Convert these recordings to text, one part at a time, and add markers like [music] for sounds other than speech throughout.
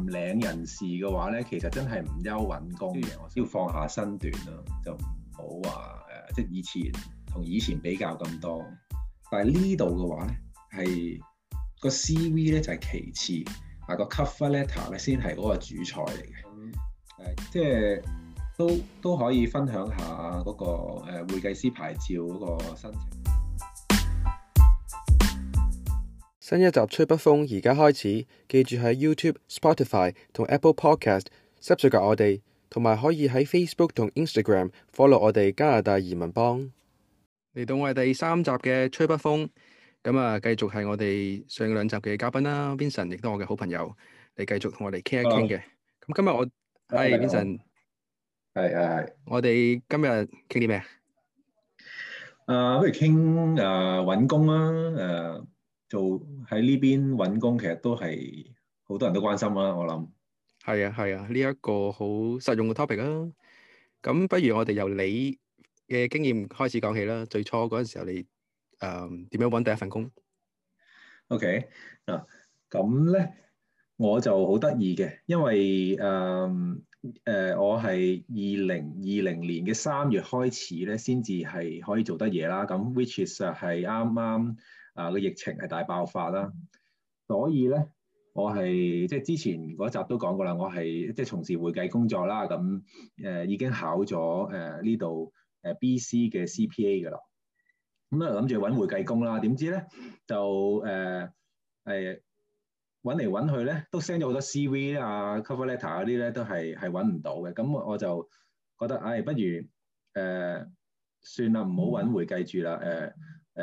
唔領人士嘅話咧，其實真係唔憂搵工嘅，嗯、要放下身段咯，就唔好話誒，即係以前同以前比較咁多。但係呢度嘅話咧，係個 C.V. 咧就係、是、其次，嗱個 cover letter 咧先係嗰個主菜嚟嘅。誒、嗯，即係都都可以分享下嗰、那個誒、呃、會計師牌照嗰個申請。新一集吹北楓而家開始，記，Tube, Spotify, Podcast, 常常記住喺 YouTube、Spotify 同 Apple Podcast subscribe 我哋，同埋可以喺 Facebook 同 Instagram follow 我哋加拿大移民幫。嚟到我哋第三集嘅吹北楓，咁啊，繼續係我哋上兩集嘅嘉賓啦。Vincent 亦都我嘅好朋友，你繼續同我哋傾一傾嘅。咁、oh, 今日我係 Vincent，係係，我哋今日傾啲咩啊？誒，不如傾誒揾工啦，誒、uh.。做喺呢邊搵工，其實都係好多人都關心啦，我諗。係啊，係啊，呢、這、一個好實用嘅 topic 啊。咁不如我哋由你嘅經驗開始講起啦。最初嗰陣時候你，你誒點樣搵第一份工？OK 啊，咁咧我就好得意嘅，因為誒誒、嗯呃、我係二零二零年嘅三月開始咧，先至係可以做得嘢啦。咁 which is 係啱啱。啊個疫情係大爆發啦，所以咧我係即係之前嗰集都講過啦，我係即係從事會計工作啦，咁誒、呃、已經考咗誒呢度誒 B、呃呃、BC C 嘅 C、P、呃、A 㗎啦，咁咧諗住揾會計工啦，點知咧就誒係揾嚟揾去咧，都 send 咗好多 CV 啊 cover letter 嗰啲咧，都係係揾唔到嘅，咁我就覺得唉、哎，不如誒、呃、算啦，唔好揾會計住啦誒。呃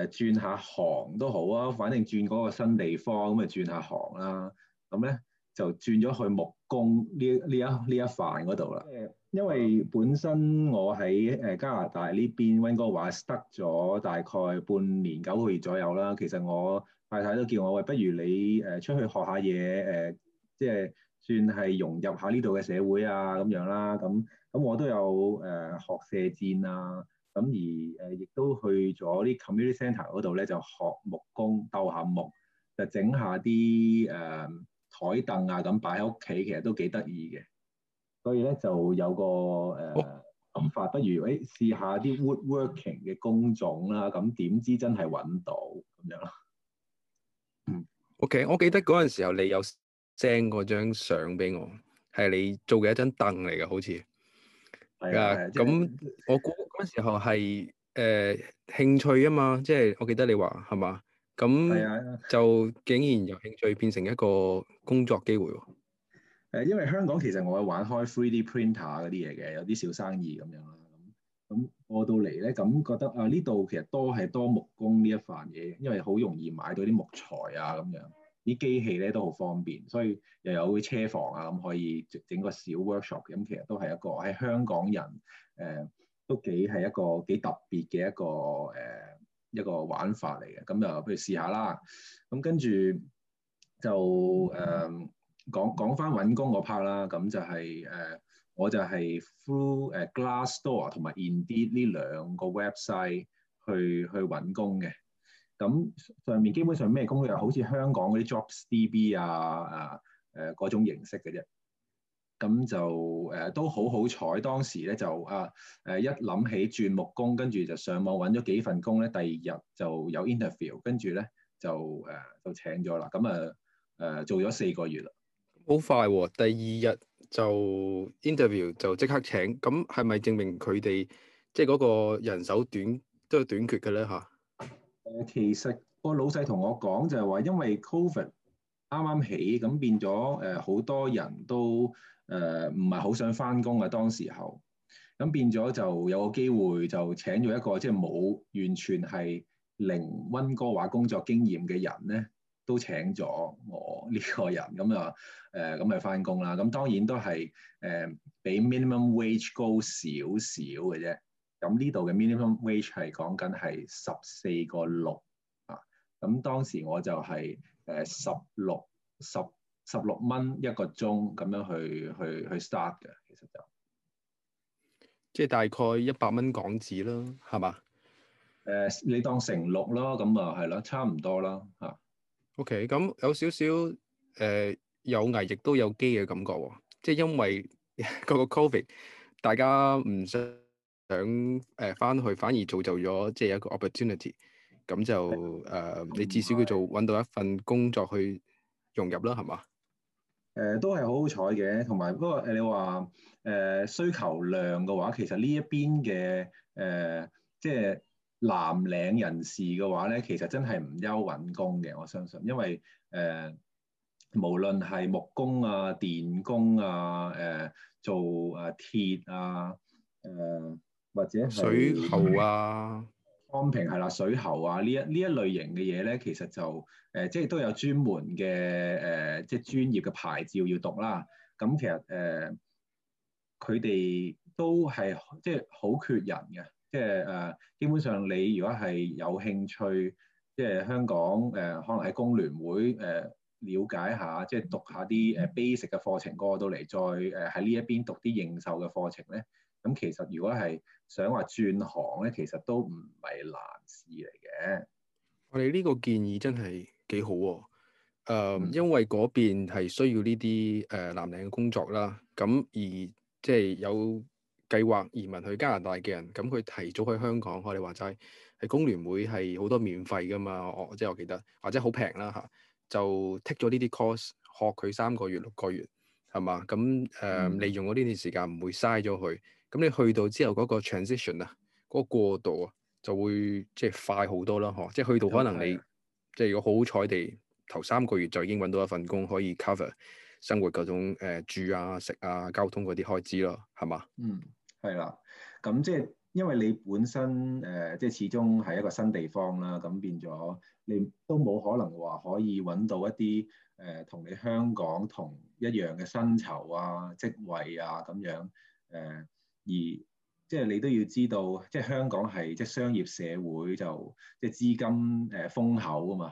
誒轉下行都好啊，反正轉嗰個新地方咁啊轉下行啦，咁咧就轉咗去木工呢呢一呢一範嗰度啦。誒，因為本身我喺誒加拿大呢邊溫哥華 stuck 咗大概半年九個月左右啦。其實我太太都叫我喂，不如你誒出去學下嘢誒、呃，即係算係融入下呢度嘅社會啊咁樣啦。咁咁我都有誒、呃、學射箭啊。咁而誒，亦都去咗啲 community centre 度咧，就學木工，鬥下木，就整下啲誒台凳啊，咁擺喺屋企，其實都幾得意嘅。所以咧，就有個誒諗、呃哦、法，不如誒試下啲 woodworking 嘅工種啦。咁點知真係揾到咁樣咯。嗯 [laughs] ，OK，我記得嗰陣時候你有 send 嗰張相俾我，係你做嘅一張凳嚟嘅，好似。係啊，咁、就是、我估嗰時候係誒、呃、興趣啊嘛，即、就、係、是、我記得你話係嘛，咁就竟然由興趣變成一個工作機會喎。誒，因為香港其實我係玩開 three D printer 嗰啲嘢嘅，有啲小生意咁樣啦。咁過到嚟咧，咁覺得啊呢度其實多係多木工呢一份嘢，因為好容易買到啲木材啊咁樣。啲機器咧都好方便，所以又有啲車房啊，咁可以整整個小 workshop，咁其實都係一個喺香港人誒、呃、都幾係一個幾特別嘅一個誒、呃、一個玩法嚟嘅。咁就不如試下啦。咁跟住就誒、呃、講講返搵工嗰 part 啦。咁就係、是、誒、呃、我就係 through 誒 Glassdoor 同埋 Indeed 呢兩個 website 去去搵工嘅。咁上面基本上咩工又好似香港嗰啲 JobsDB 啊，啊、呃，誒嗰種形式嘅啫。咁就誒、呃、都好好彩，當時咧就啊誒、呃、一諗起轉木工，跟住就上網搵咗幾份工咧，第二日就有 interview，跟住咧就誒、呃、就請咗啦。咁啊誒做咗四個月啦。好快喎、哦！第二日就 interview 就即刻請，咁係咪證明佢哋即係嗰個人手短都係短缺嘅咧？吓。誒其實個老細同我講就係話，因為 Covid 啱啱起，咁變咗誒好多人都誒唔係好想翻工啊。當時候咁變咗就有個機會就個，就請咗一個即係冇完全係零溫哥華工作經驗嘅人咧，都請咗我呢個人。咁啊誒咁咪翻工啦。咁、呃、當然都係誒、呃、比 minimum wage 高少少嘅啫。咁呢度嘅 minimum wage 係講緊係十四個六啊，咁當時我就係誒十六十十六蚊一個鐘咁樣去去去 start 嘅，其實就即係大概一百蚊港紙咯，係嘛？誒、呃，你當成六咯，咁啊係咯，差唔多啦嚇。啊、OK，咁有少少誒、呃、有危亦都有機嘅感覺喎、哦，即係因為嗰個 COVID，大家唔想。想誒翻去反而造就咗，即係一個 opportunity，咁就誒、嗯 uh, 你至少叫做搵到一份工作去融入啦，係嘛？誒、呃，都係好好彩嘅，同埋不過誒你話誒、呃、需求量嘅話，其實呢一邊嘅誒即係藍領人士嘅話咧，其實真係唔憂搵工嘅，我相信，因為誒、呃、無論係木工啊、電工啊、誒做誒鐵啊、誒、啊。呃或者水喉啊，安平係啦，水喉啊呢一呢一類型嘅嘢咧，其實就誒、呃、即係都有專門嘅誒、呃、即係專業嘅牌照要讀啦。咁、嗯、其實誒佢哋都係即係好缺人嘅，即係誒、呃、基本上你如果係有興趣，即係香港誒、呃、可能喺工聯會誒。呃了解下，即係讀一下啲誒 basic 嘅課程過到嚟，再誒喺呢一邊讀啲認受嘅課程咧。咁其實如果係想話轉行咧，其實都唔係難事嚟嘅。我哋呢個建議真係幾好喎、啊。呃嗯、因為嗰邊係需要呢啲誒藍領嘅工作啦。咁而即係有計劃移民去加拿大嘅人，咁佢提早去香港，我哋話齋喺工聯會係好多免費㗎嘛。我即係我記得，或者好平啦嚇。就 take 咗呢啲 course，學佢三個月六個月，係嘛？咁誒，呃嗯、利用咗呢段時間唔會嘥咗佢。咁你去到之後嗰個 transition 啊，嗰個過渡啊，就會即係快好多啦，呵！即係去到可能你 Okay. 即係如果好彩地頭三個月就已經揾到一份工可以 cover 生活嗰種、呃、住啊、食啊、交通嗰啲開支咯，係嘛？嗯，係啦，咁即係。因為你本身誒，即、呃、係始終係一個新地方啦，咁變咗你都冇可能話可以揾到一啲誒同你香港同一樣嘅薪酬啊、職位啊咁樣誒、呃，而、呃、即係你都要知道，即係香港係即係商業社會就即係資金誒、呃、豐厚啊嘛，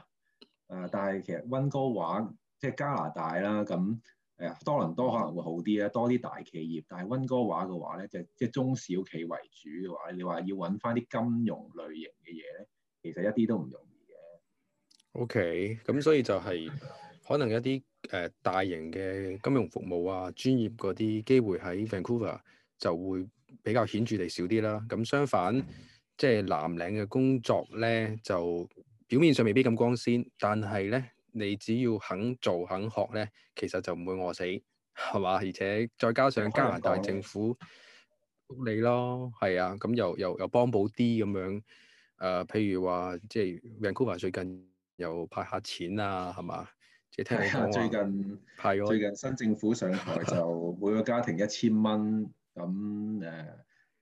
啊、呃，但係其實温哥華即係加拿大啦，咁、嗯。誒多倫多可能會好啲咧，多啲大企業。但係温哥華嘅話咧，就即、是、係中小企為主嘅話，你話要揾翻啲金融類型嘅嘢咧，其實一啲都唔容易嘅。O K，咁所以就係、是、可能一啲誒、呃、大型嘅金融服務啊、專業嗰啲機會喺 Vancouver 就會比較顯著地少啲啦。咁相反，即係藍領嘅工作咧，就表面上未必咁光鮮，但係咧。你只要肯做肯學咧，其實就唔會餓死，係嘛？而且再加上加拿大政府幫你咯，係啊，咁又又又幫補啲咁樣。誒、呃，譬如話即係 Vancouver 最近又派下錢啊，係嘛？即係聽下、哎、最近，係最近新政府上台就每個家庭一千蚊，咁誒、 [laughs] 呃、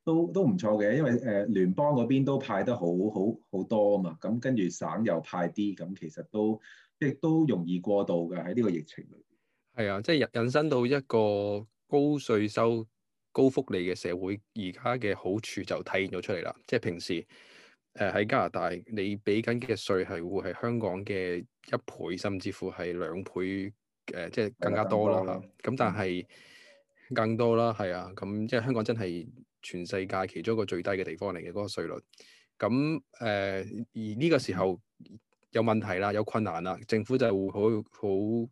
都都唔錯嘅，因為誒、呃、聯邦嗰邊都派得好好好，好多啊嘛。咁跟住省又派啲，咁其實都。亦都容易過度嘅喺呢個疫情，係啊，即係引引申到一個高稅收、高福利嘅社會，而家嘅好處就體現咗出嚟啦。即係平時誒喺、呃、加拿大，你俾緊嘅稅係會係香港嘅一倍，甚至乎係兩倍誒、呃，即係更加多啦嚇。咁但係更多啦，係啊，咁即係香港真係全世界其中一個最低嘅地方嚟嘅嗰個稅率。咁誒、呃、而呢個時候。有問題啦，有困難啦，政府就好好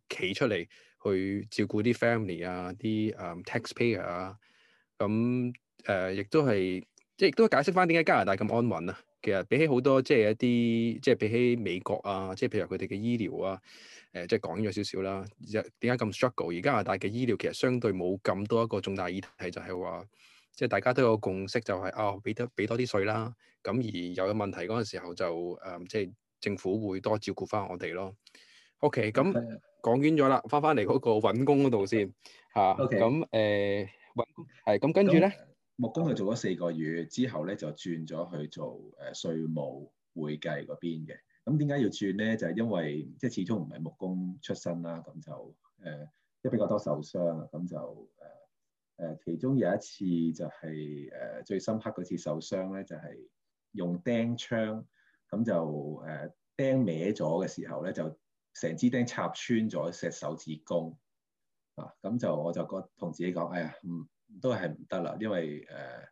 企出嚟去照顧啲 family 啊，啲誒、um, taxpayer 啊，咁誒亦都係即係亦都解釋翻點解加拿大咁安穩啊？其實比起好多即係一啲即係比起美國啊，即係譬如佢哋嘅醫療啊，誒、呃、即係講咗少少啦，點解咁 struggle？而加拿大嘅醫療其實相對冇咁多一個重大議題，就係、是、話即係大家都有共識、就是，就係啊俾得俾多啲稅啦，咁而又有問題嗰個時候就誒、嗯、即係。政府會多照顧翻我哋咯。OK，咁講完咗啦，翻翻嚟嗰個揾工嗰度先嚇。OK，咁誒揾工係咁跟住咧，木工就做咗四個月，之後咧就轉咗去做誒稅務會計嗰邊嘅。咁點解要轉咧？就係因為即係始終唔係木工出身啦，咁就誒即係比較多受傷。咁就誒誒，其中有一次就係誒最深刻嗰次受傷咧，就係用釘槍。咁就誒、呃、釘歪咗嘅時候咧，就成支釘插穿咗隻手指公啊！咁就我就覺得同自己講，哎呀，唔、嗯、都係唔得啦，因為誒誒、呃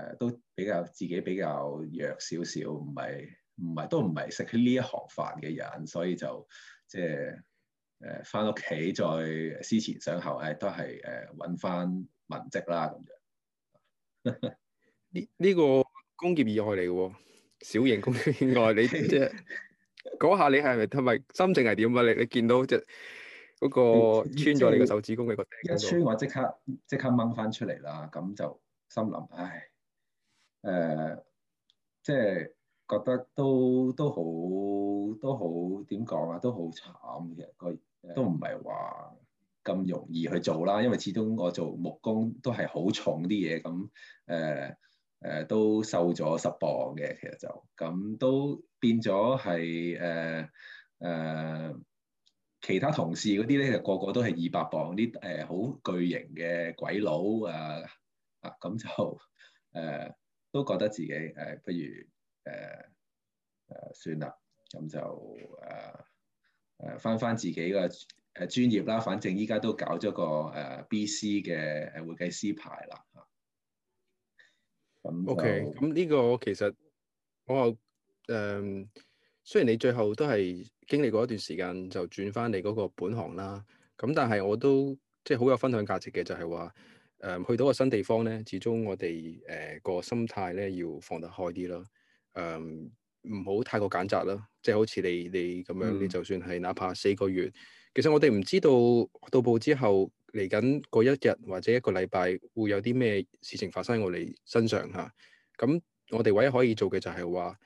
呃、都比較自己比較弱少少，唔係唔係都唔係食呢一行飯嘅人，所以就即係誒返屋企再思前想後，誒、哎、都係誒揾返文職啦咁樣。呢 [laughs] 呢個工業以外嚟嘅喎。小型工業意外，你即係嗰下你係咪同埋心情係點啊？你你見到即係嗰個穿咗你個手指公嘅個釘，一穿、嗯、我即刻即刻掹翻出嚟啦。咁就心諗，唉，誒、呃，即係覺得都都好都好點講啊？都好慘嘅。都唔係話咁容易去做啦。因為始終我做木工都係好重啲嘢咁誒。嗯誒、呃，都瘦咗十磅嘅，其實就咁都變咗係誒誒，其他同事嗰啲咧，就個個都係二百磅啲誒，好、呃、巨型嘅鬼佬啊啊，咁、呃、就誒、呃、都覺得自己誒、呃，不如誒誒、呃呃、算啦，咁就誒誒返返自己嘅誒專業啦，反正依家都搞咗個誒、呃、B.C. 嘅誒會計師牌啦。O.K. 咁呢個其實我誒、嗯、雖然你最後都係經歷過一段時間就轉翻你嗰個本行啦，咁但係我都即係好有分享價值嘅，就係話誒去到個新地方咧，始終我哋誒、呃、個心態咧要放得開啲咯，誒唔好太過揀擇啦，即係好似你你咁樣，嗯、你就算係哪怕四個月，其實我哋唔知道到步之後。嚟緊嗰一日或者一個禮拜會有啲咩事情發生喺我哋身上嚇？咁、啊、我哋唯一可以做嘅就係話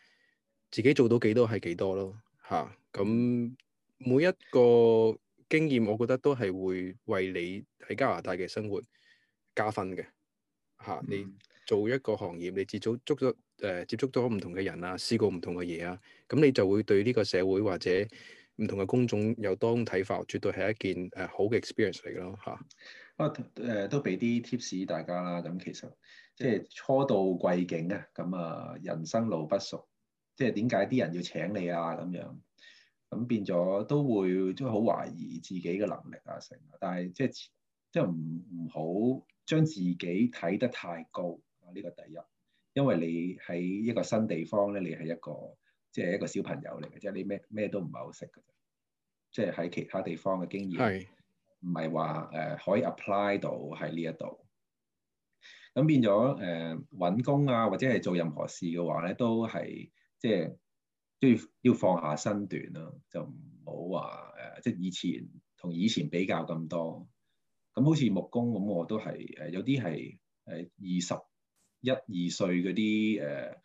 自己做到幾多係幾多咯嚇。咁、啊、每一個經驗，我覺得都係會為你喺加拿大嘅生活加分嘅嚇、啊。你做一個行業，你接觸觸咗誒接觸咗唔同嘅人啊，試過唔同嘅嘢啊，咁、啊、你就會對呢個社會或者。唔同嘅工種有多種睇法，絕對係一件誒、呃、好嘅 experience 嚟咯嚇。我、啊、誒都俾啲 tips 大家啦。咁其實即係初到貴境啊，咁啊人生路不熟，即係點解啲人要請你啊咁樣？咁變咗都會即係好懷疑自己嘅能力啊成。但係即係即係唔唔好將自己睇得太高啊，呢個第一，因為你喺一個新地方咧，你係一個。即係一個小朋友嚟嘅，即係你咩咩都唔係好識嘅，即係喺其他地方嘅經驗，唔係話誒可以 apply 到喺呢一度。咁變咗誒搵工啊，或者係做任何事嘅話咧，都係即係都要，要放下身段咯、啊，就唔好話誒，即係以前同以前比較咁多。咁好似木工咁，我都係誒、呃、有啲係誒二十一二歲嗰啲誒。呃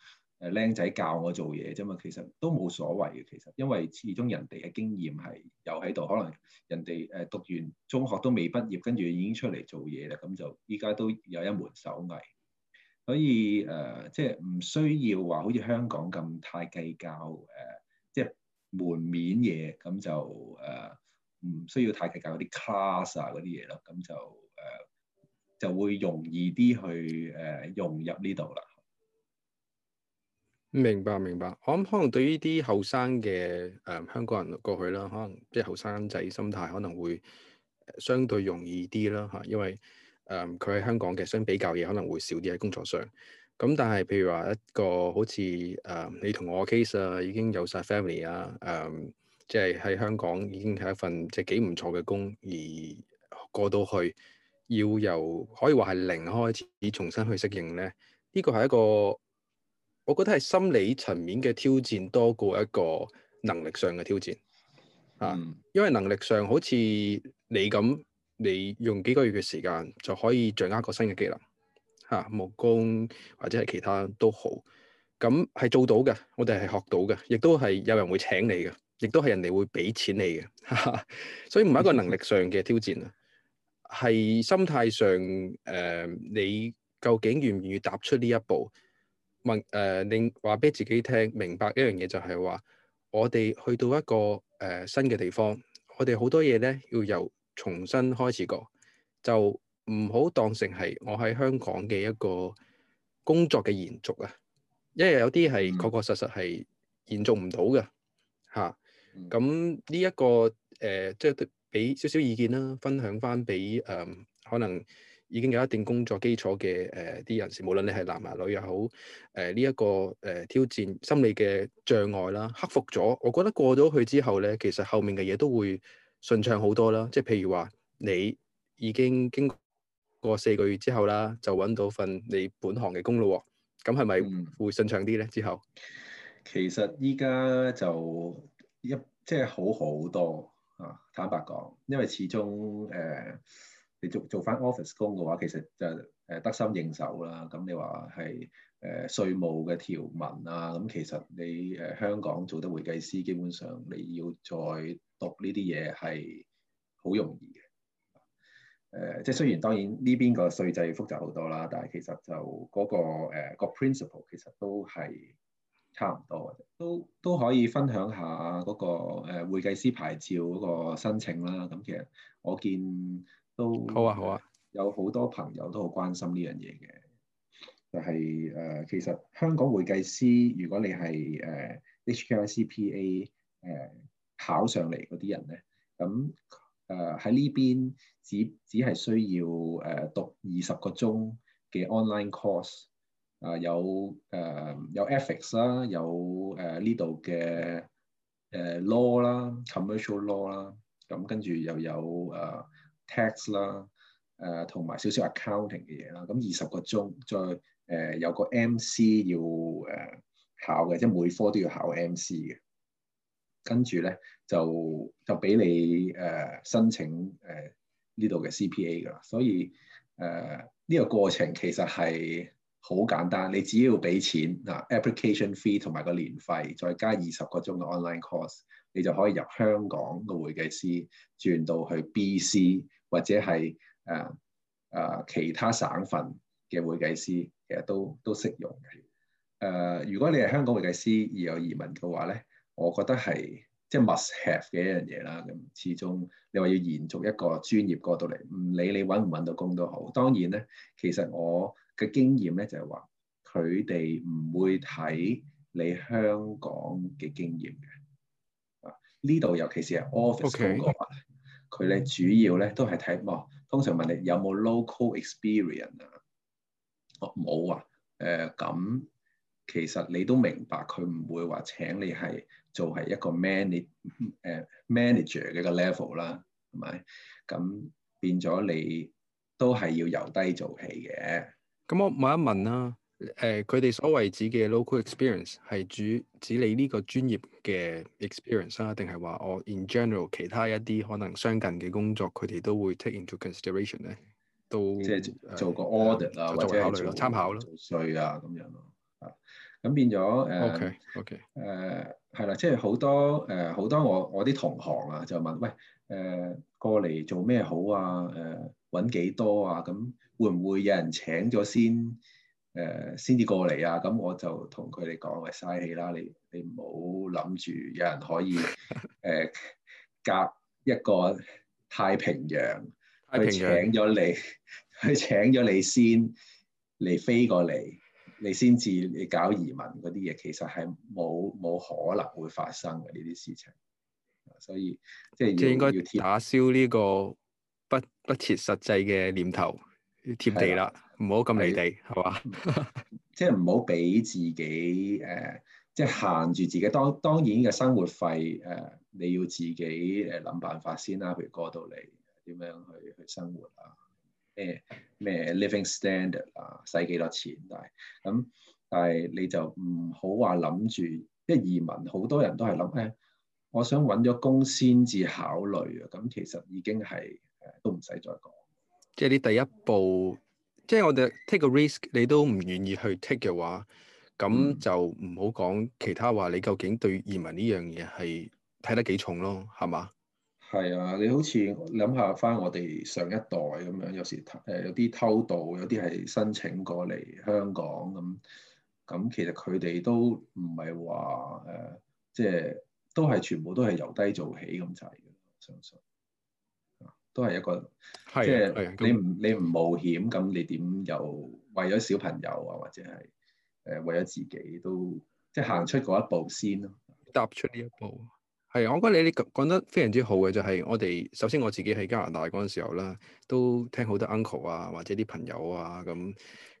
誒僆仔教我做嘢啫嘛，其實都冇所謂嘅。其實因為始終人哋嘅經驗係有喺度，可能人哋誒讀完中學都未畢業，跟住已經出嚟做嘢啦，咁就依家都有一門手藝。所以誒、呃，即係唔需要話好似香港咁太計較誒，即係門面嘢。咁就誒唔、呃、需要太計較嗰啲 class 啊嗰啲嘢咯。咁就誒、呃、就會容易啲去誒、呃、融入呢度啦。明白明白，我諗可能對於呢啲後生嘅誒香港人過去啦，可能即係後生仔心態可能會相對容易啲啦嚇，因為誒佢喺香港嘅相比較嘢可能會少啲喺工作上。咁但係譬如話一個好似誒、嗯、你同我嘅 case 啊，已經有晒 family 啊，誒即係喺香港已經係一份即係幾唔錯嘅工，而過到去要由可以話係零開始重新去適應咧，呢個係一個。我覺得係心理層面嘅挑戰多過一個能力上嘅挑戰，啊、嗯，因為能力上好似你咁，你用幾個月嘅時間就可以掌握個新嘅技能，啊，木工或者係其他都好，咁係做到嘅，我哋係學到嘅，亦都係有人會請你嘅，亦都係人哋會俾錢你嘅，啊，所以唔係一個能力上嘅挑戰啊，係、嗯、心態上、呃、你究竟願唔願意踏出呢一步？問誒你話俾自己聽，明白一樣嘢就係話，我哋去到一個誒、呃、新嘅地方，我哋好多嘢咧要由重新開始過，就唔好當成係我喺香港嘅一個工作嘅延續啊！因為有啲係確確實實係延續唔到嘅嚇。咁呢一個誒、呃，即係俾少少意見啦，分享翻俾誒可能。已經有一定工作基礎嘅誒啲人士，無論你係男啊女又好，誒呢一個誒、呃、挑戰心理嘅障礙啦，克服咗，我覺得過咗去之後咧，其實後面嘅嘢都會順暢好多啦。即係譬如話，你已經經過四個月之後啦，就揾到份你本行嘅工咯、喔，咁係咪會順暢啲咧？之後、嗯、其實依家就一即係好好多啊！坦白講，因為始終誒。呃你做做翻 office 工嘅話，其實就誒得心應手啦。咁你話係誒稅務嘅條文啊，咁其實你誒、呃、香港做得會計師，基本上你要再讀呢啲嘢係好容易嘅。誒、呃，即係雖然當然呢邊個稅制複雜好多啦，但係其實就嗰、那個誒、呃那個、principle 其實都係差唔多嘅，都都可以分享下嗰個誒會計師牌照嗰個申請啦。咁、啊、其實我見。都好啊，好啊，有好多朋友都好關心呢樣嘢嘅，就係誒，其實香港會計師，如果你係誒、呃、HKICPA 誒、呃、考上嚟嗰啲人咧，咁誒喺呢邊只只係需要誒、呃、讀二十個鐘嘅 online course，啊有誒有 ethics 啦，有誒呢度嘅誒 law 啦，commercial law 啦、啊，咁跟住又有誒，呃 tax 啦、啊，誒同埋少少 accounting 嘅嘢啦，咁二十個鐘再誒、呃、有個 MC 要誒、啊、考嘅，即係每科都要考 MC 嘅。跟住咧就就俾你誒、啊、申請誒呢度嘅 CPA 㗎啦。所以誒呢、啊這個過程其實係好簡單，你只要俾錢嗱、啊、application fee 同埋個年費，再加二十個鐘嘅 online course，你就可以入香港嘅會計師轉到去 BC。或者係誒誒其他省份嘅會計師，其實都都適用嘅。誒、呃，如果你係香港會計師而有移民嘅話咧，我覺得係即係 must have 嘅一樣嘢啦。咁始終你話要延續一個專業過到嚟，唔理你揾唔揾到工都好。當然咧，其實我嘅經驗咧就係、是、話，佢哋唔會睇你香港嘅經驗嘅。啊，呢度尤其是係 office 嗰個法例、okay. 佢咧主要咧都係睇、哦，通常問你有冇 local experience 啊？我、哦、冇啊。誒、呃，咁其實你都明白佢唔會話請你係做係一個 manager，誒、呃、manager 嘅個 level 啦，係咪？咁變咗你都係要由低做起嘅。咁我問一問啦、啊。誒，佢哋、呃、所謂指嘅 local experience 係指指你呢個專業嘅 experience 啊，定係話我 in general 其他一啲可能相近嘅工作，佢哋都會 take into consideration 咧，都即係做個 audit 啊，或者參考咯，做稅啊咁樣咯啊。咁變咗誒、呃、OK OK 誒係啦，即係好多誒好、呃、多我我啲同行啊，就問喂誒、呃、過嚟做咩好啊？誒揾幾多啊？咁會唔會有人請咗先？誒，先至、呃、過嚟啊！咁我就同佢哋講，喂，嘥氣啦，你你唔好諗住有人可以誒、 [laughs] 呃、隔一個太平洋佢請咗你，佢請咗你先嚟飛過嚟，你先至你搞移民嗰啲嘢，其實係冇冇可能會發生嘅呢啲事情。所以即係即係應該要貼打消呢個不不切實際嘅念頭。要貼地啦，唔好咁離地，係嘛的？即係唔好俾自己誒，即、呃、係、就是、限住自己。當當然嘅生活費誒、呃，你要自己誒諗辦法先啦。譬如過到嚟點樣去去生活啊？咩、呃、咩 living standard 啊，使幾多錢？但係咁、嗯，但係你就唔好話諗住，即係移民好多人都係諗誒，我想揾咗工先至考慮啊。咁、嗯、其實已經係誒、呃，都唔使再講。即係你第一步，即係我哋 take 個 risk，你都唔願意去 take 嘅話，咁就唔好講其他話。你究竟對移民呢樣嘢係睇得幾重咯？係嘛？係啊，你好似諗下返我哋上一代咁樣，有時誒有啲偷渡，有啲係申請過嚟香港咁。咁其實佢哋都唔係話誒，即係都係全部都係由低做起咁滯嘅，我相信。都係一個，的即係你唔、嗯、你唔冒險，咁你點又為咗小朋友啊，或者係誒為咗自己都，即係行出嗰一步先咯，踏出呢一步。係，我覺得你你講得非常之好嘅，就係、是、我哋首先我自己喺加拿大嗰陣時候啦，都聽好多 uncle 啊，或者啲朋友啊咁，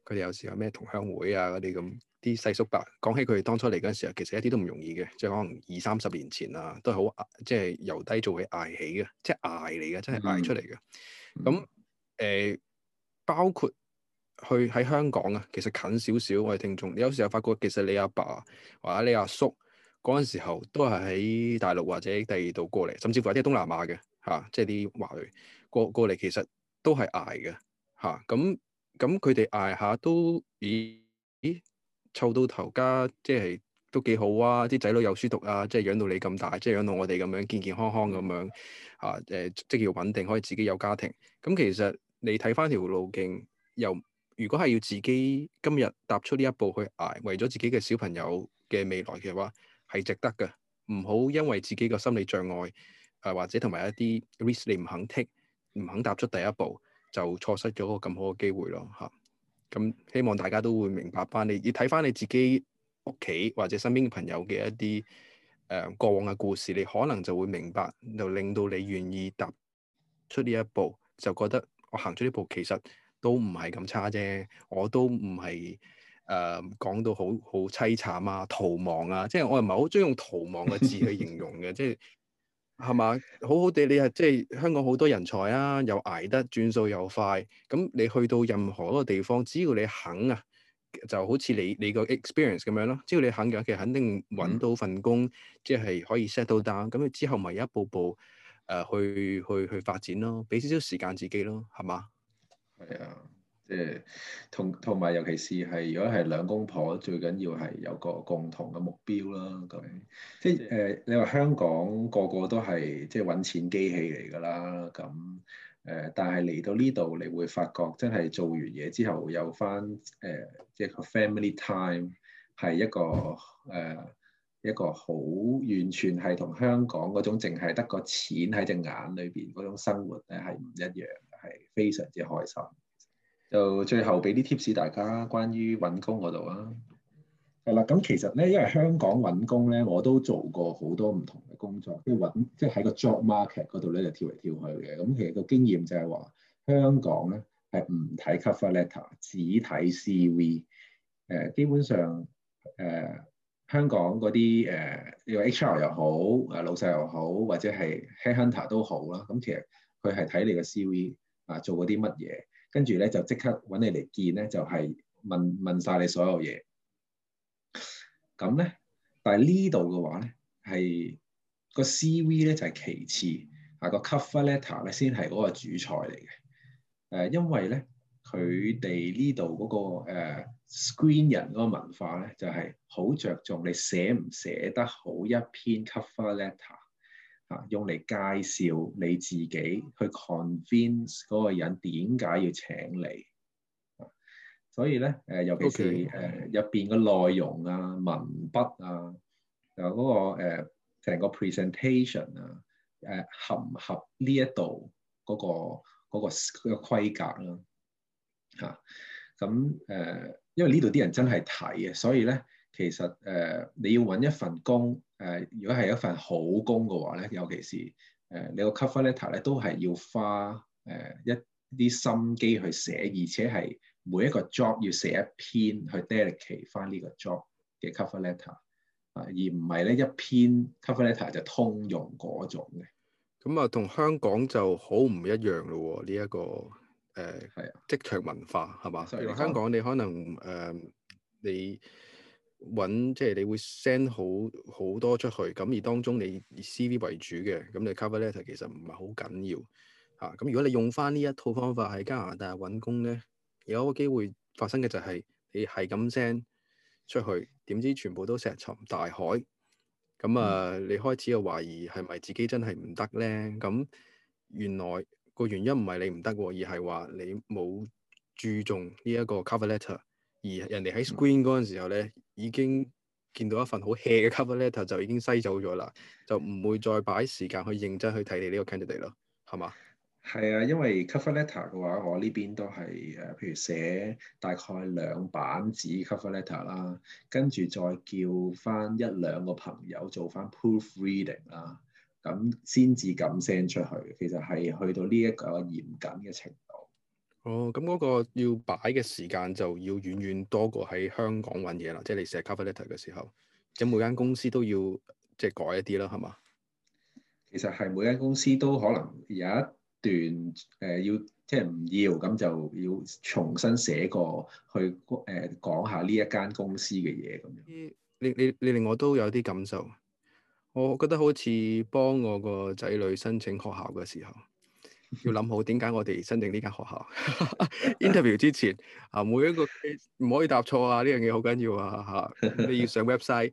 佢哋有時候咩同鄉會啊嗰啲咁。那啲細叔伯講起佢哋當初嚟嗰陣時候，其實一啲都唔容易嘅，即係可能二三十年前啊，都係好即係由低做起捱起嘅，即係捱嚟嘅，真係捱出嚟嘅。咁誒、嗯呃，包括去喺香港啊，其實近少少，我哋聽眾你有時候發覺，其實你阿爸、爸或者你阿叔嗰陣時候都係喺大陸或者第二度過嚟，甚至乎有啲東南亞嘅嚇、啊，即係啲華裔過過嚟，其實都係捱嘅嚇。咁咁佢哋捱下都咦？湊到頭家，即係都幾好啊！啲仔女有書讀啊，即係養到你咁大，即係養到我哋咁樣健健康康咁樣啊！誒，即係要穩定，可以自己有家庭。咁其實你睇返條路徑，又如果係要自己今日踏出呢一步去捱，為咗自己嘅小朋友嘅未來嘅話，係值得嘅。唔好因為自己個心理障礙啊，或者同埋一啲 risk 你唔肯 take，唔肯踏出第一步，就錯失咗個咁好嘅機會咯嚇。啊咁希望大家都會明白翻，你要睇翻你自己屋企或者身邊嘅朋友嘅一啲誒、呃、過往嘅故事，你可能就會明白，就令到你願意踏出呢一步，就覺得我行出呢步其實都唔係咁差啫，我都唔係誒講到好好淒慘啊，逃亡啊，即係我又唔係好中意用逃亡嘅字去形容嘅，即係。係嘛？好好地，你係即係香港好多人才啊，又捱得，轉數又快。咁你去到任何一個地方，只要你肯啊，就好似你你個 experience 咁樣咯。只要你肯嘅其實肯定揾到份工，嗯、即係可以 settle down。咁你之後咪一步步誒、呃、去去去發展咯，俾少少時間自己咯，係嘛？係啊。即係同同埋，尤其是係如果係兩公婆，最緊要係有個共同嘅目標啦。咁即係誒，你話香港個個都係即係搵錢機器嚟㗎啦。咁誒、呃，但係嚟到呢度，你會發覺真係做完嘢之後，有返誒、呃，即係個 family time 係一個誒、呃、一個好完全係同香港嗰種淨係得個錢喺隻眼裏邊嗰種生活咧，係唔一樣，係非常之開心。就最後俾啲 tips 大家，大家關於揾工嗰度啊，係啦，咁其實咧，因為香港揾工咧，我都做過好多唔同嘅工作，即係揾，即係喺個 job market 嗰度咧就跳嚟跳去嘅。咁其實個經驗就係話，香港咧係唔睇 cover letter，只睇 CV、呃。誒，基本上誒、呃，香港嗰啲誒，用 HR 又好，啊老細又好，或者係 headhunter 都好啦。咁其實佢係睇你嘅 CV 啊、呃，做過啲乜嘢。跟住咧就即刻揾你嚟見咧，就係、就是、問問晒你所有嘢。咁咧，但係呢度嘅話咧，係個 C.V. 咧就係、是、其次，啊個 cover letter 咧先係嗰個主菜嚟嘅。誒、呃，因為咧佢哋呢度嗰、那個、呃、screen 人嗰個文化咧，就係、是、好着重你寫唔寫得好一篇 cover letter。嚇用嚟介紹你自己，去 convince 嗰個人點解要請你。所以咧，誒尤其是誒入邊嘅內容啊、文筆啊，有、嗰、嗰個成、呃、個 presentation 啊，誒、呃、合唔合呢一度嗰個嗰、嗰個規格啦、啊？嚇咁誒，因為呢度啲人真係睇啊，所以咧。其實誒、呃、你要揾一份工誒、呃，如果係一份好工嘅話咧，尤其是誒、呃、你個 cover letter 咧，都係要花誒、呃、一啲心機去寫，而且係每一個 job 要寫一篇去 dedicate 翻呢個 job 嘅 cover letter 啊，而唔係咧一篇 cover letter 就通用嗰種嘅。咁啊，同香港就好唔一樣咯喎，呢、這、一個誒、呃、的職場文化係嘛？所以香港你可能誒、呃、你。搵即係你會 send 好好多出去，咁而當中你以 C.V. 為主嘅，咁你 cover letter 其實唔係好緊要吓。咁、啊、如果你用翻呢一套方法喺加拿大搵工咧，有一個機會發生嘅就係你係咁 send 出去，點知全部都石沉大海咁啊，嗯、你開始又懷疑係咪自己真係唔得咧？咁原來個原因唔係你唔得，而係話你冇注重呢一個 cover letter，而人哋喺 screen 嗰陣時候咧。嗯已經見到一份好 hea 嘅 cover letter 就已經篩走咗啦，就唔會再擺時間去認真去睇你呢個 candidate 咯，係嘛？係啊，因為 cover letter 嘅話，我呢邊都係誒，譬如寫大概兩版紙 cover letter 啦，跟住再叫翻一兩個朋友做翻 proofreading 啦，咁先至咁 send 出去。其實係去到呢一個嚴謹嘅程。哦，咁嗰個要擺嘅時間就要遠遠多過喺香港揾嘢啦，即係你寫 cover letter 嘅時候，即每間公司都要即係改一啲啦，係嘛？其實係每間公司都可能有一段誒要即係唔要，咁就要重新寫過去，誒、呃、講下呢一間公司嘅嘢咁樣。你你你令我都有啲感受，我覺得好似幫我個仔女申請學校嘅時候。要諗好點解我哋申請呢間學校 [laughs] interview 之前啊，每一個唔可以答錯啊！呢樣嘢好緊要啊嚇！ [laughs] 你要上 website，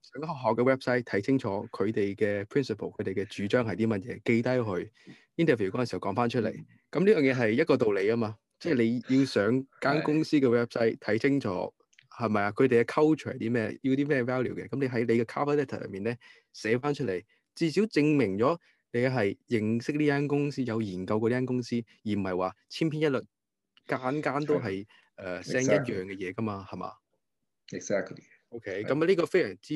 上個學校嘅 website 睇清楚佢哋嘅 principle，佢哋嘅主張係啲乜嘢？記低佢 interview 嗰陣時候講翻出嚟。咁呢樣嘢係一個道理啊嘛，即係你要上間公司嘅 website 睇清楚係咪啊？佢哋嘅 culture 係啲咩？要啲咩 value 嘅？咁你喺你嘅 cover letter 入面咧寫翻出嚟，至少證明咗。你係認識呢間公司，有研究過呢間公司，而唔係話千篇一律，間間都係誒、呃、send 一樣嘅嘢噶嘛？係嘛？Exactly. Okay. 咁啊，呢個非常之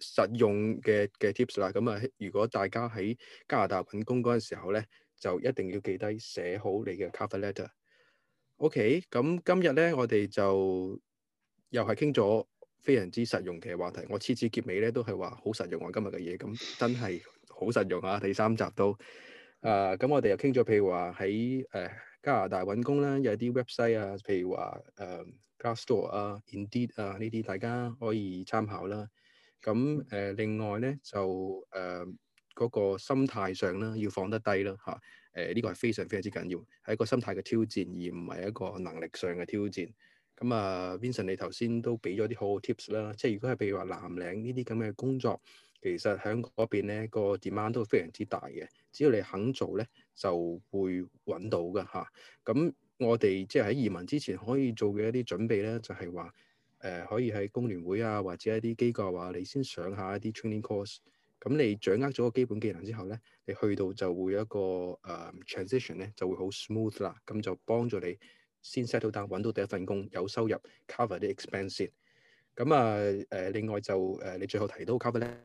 實用嘅嘅 tips 啦。咁啊，如果大家喺加拿大揾工嗰陣時候咧，就一定要記低寫好你嘅 cover letter。Okay, 咁今日咧，我哋就又係傾咗非常之實用嘅話題。我次次結尾咧，都係話好實用我、啊、今日嘅嘢咁真係～好實用啊！第三集都誒，咁我哋又傾咗，譬如話喺誒加拿大揾工啦，有啲 website 啊，譬如話誒 Glassdoor、呃、啊、Indeed 啊呢啲，大家可以參考啦。咁誒、呃，另外咧就誒嗰、呃那個心態上啦，要放得低啦嚇。誒、啊、呢、呃這個係非常非常之緊要，係一個心態嘅挑戰，而唔係一個能力上嘅挑戰。咁啊、呃、Vincent 你頭先都俾咗啲好嘅 tips 啦，即係如果係譬如話藍領呢啲咁嘅工作。其實喺嗰邊咧、呢個 demand 都非常之大嘅，只要你肯做咧就會揾到噶嚇。咁、啊、我哋即係喺移民之前可以做嘅一啲準備咧，就係話誒可以喺工聯會啊，或者一啲機構話、啊、你先上一下一啲 training course。咁你掌握咗個基本技能之後咧，你去到就會有一個誒、um, transition 咧就會好 smooth 啦。咁就幫助你先 settle down 揾到第一份工有收入 cover 啲 expense、啊。咁啊誒，另外就誒、呃、你最後提到 cover 咧。